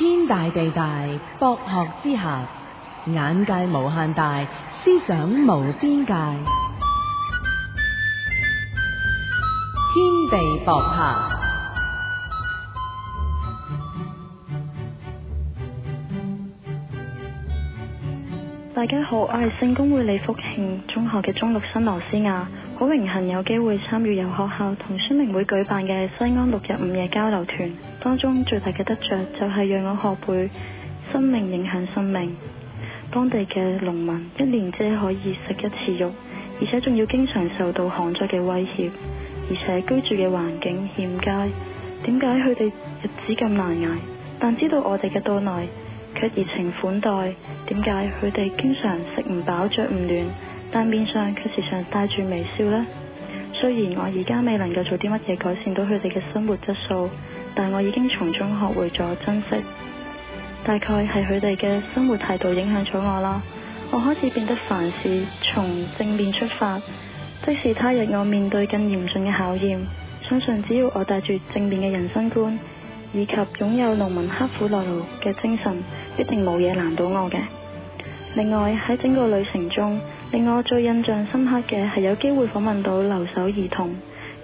天大地大，博客之下，眼界無限大，思想無邊界。天地博客。大家好，我係聖公會李福慶中學嘅中六生羅斯雅。好榮幸有機會參與由學校同宣明會舉辦嘅西安六日五夜交流團，當中最大嘅得着就係讓我學會生命影響生命。當地嘅農民一年只可以食一次肉，而且仲要經常受到旱災嘅威脅，而且居住嘅環境欠佳。點解佢哋日子咁難挨？但知道我哋嘅到來，卻熱情款待。點解佢哋經常食唔飽、着唔暖？但面上卻時常帶住微笑呢。雖然我而家未能夠做啲乜嘢改善到佢哋嘅生活質素，但我已經從中學會咗珍惜。大概係佢哋嘅生活態度影響咗我啦。我開始變得凡事從正面出發。即使他日我面對更嚴峻嘅考驗，相信只要我帶住正面嘅人生觀，以及擁有農民刻苦耐勞嘅精神，一定冇嘢難到我嘅。另外喺整個旅程中，令我最印象深刻嘅係有機會訪問到留守兒童，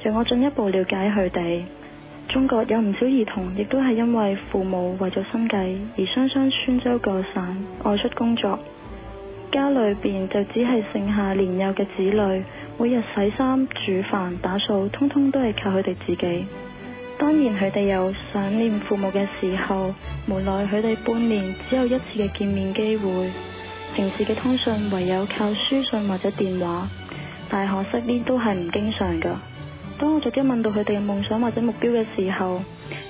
讓我進一步了解佢哋。中國有唔少兒童，亦都係因為父母為咗生計而雙雙穿州過省，外出工作，家裏邊就只係剩下年幼嘅子女，每日洗衫、煮飯、打掃，通通都係靠佢哋自己。當然佢哋有想念父母嘅時候，無奈佢哋半年只有一次嘅見面機會。平時嘅通訊唯有靠書信或者電話，但係可惜呢都係唔經常噶。當我逐一問到佢哋嘅夢想或者目標嘅時候，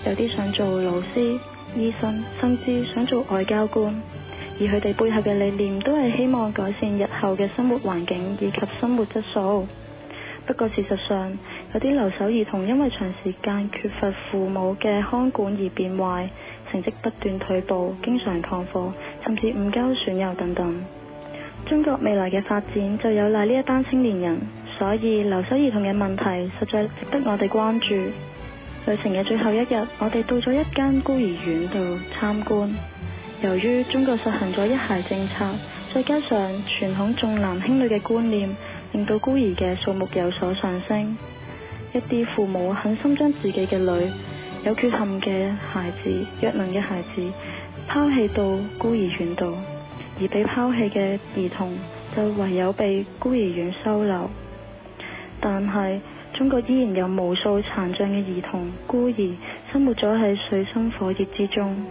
有啲想做老師、醫生，甚至想做外交官。而佢哋背後嘅理念都係希望改善日後嘅生活環境以及生活質素。不過事實上，有啲留守兒童因為長時間缺乏父母嘅看管而變壞，成績不斷退步，經常曠課。甚至誤交損友等等。中國未來嘅發展就有賴呢一班青年人，所以留守兒童嘅問題實在值得我哋關注。旅程嘅最後一日，我哋到咗一間孤兒院度參觀。由於中國實行咗一孩政策，再加上傳統重男輕女嘅觀念，令到孤兒嘅數目有所上升。一啲父母狠心將自己嘅女，有缺陷嘅孩子、弱能嘅孩子，拋棄到孤兒院度，而被拋棄嘅兒童就唯有被孤兒院收留。但係中國依然有無數殘障嘅兒童、孤兒，生活咗喺水深火熱之中。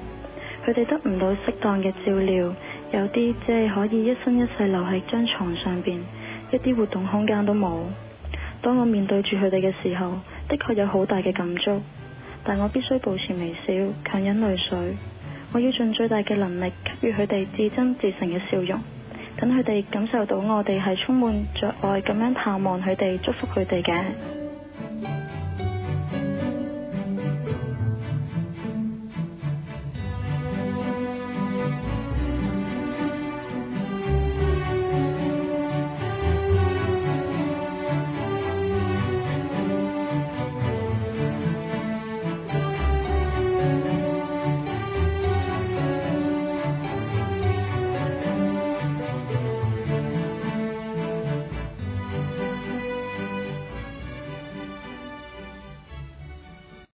佢哋得唔到適當嘅照料，有啲即係可以一生一世留喺張床上邊，一啲活動空間都冇。當我面對住佢哋嘅時候，的確有好大嘅感觸。但我必須保持微笑，強忍淚水。我要盡最大嘅能力給予佢哋至真至誠嘅笑容，等佢哋感受到我哋係充滿着愛咁樣盼望佢哋，祝福佢哋嘅。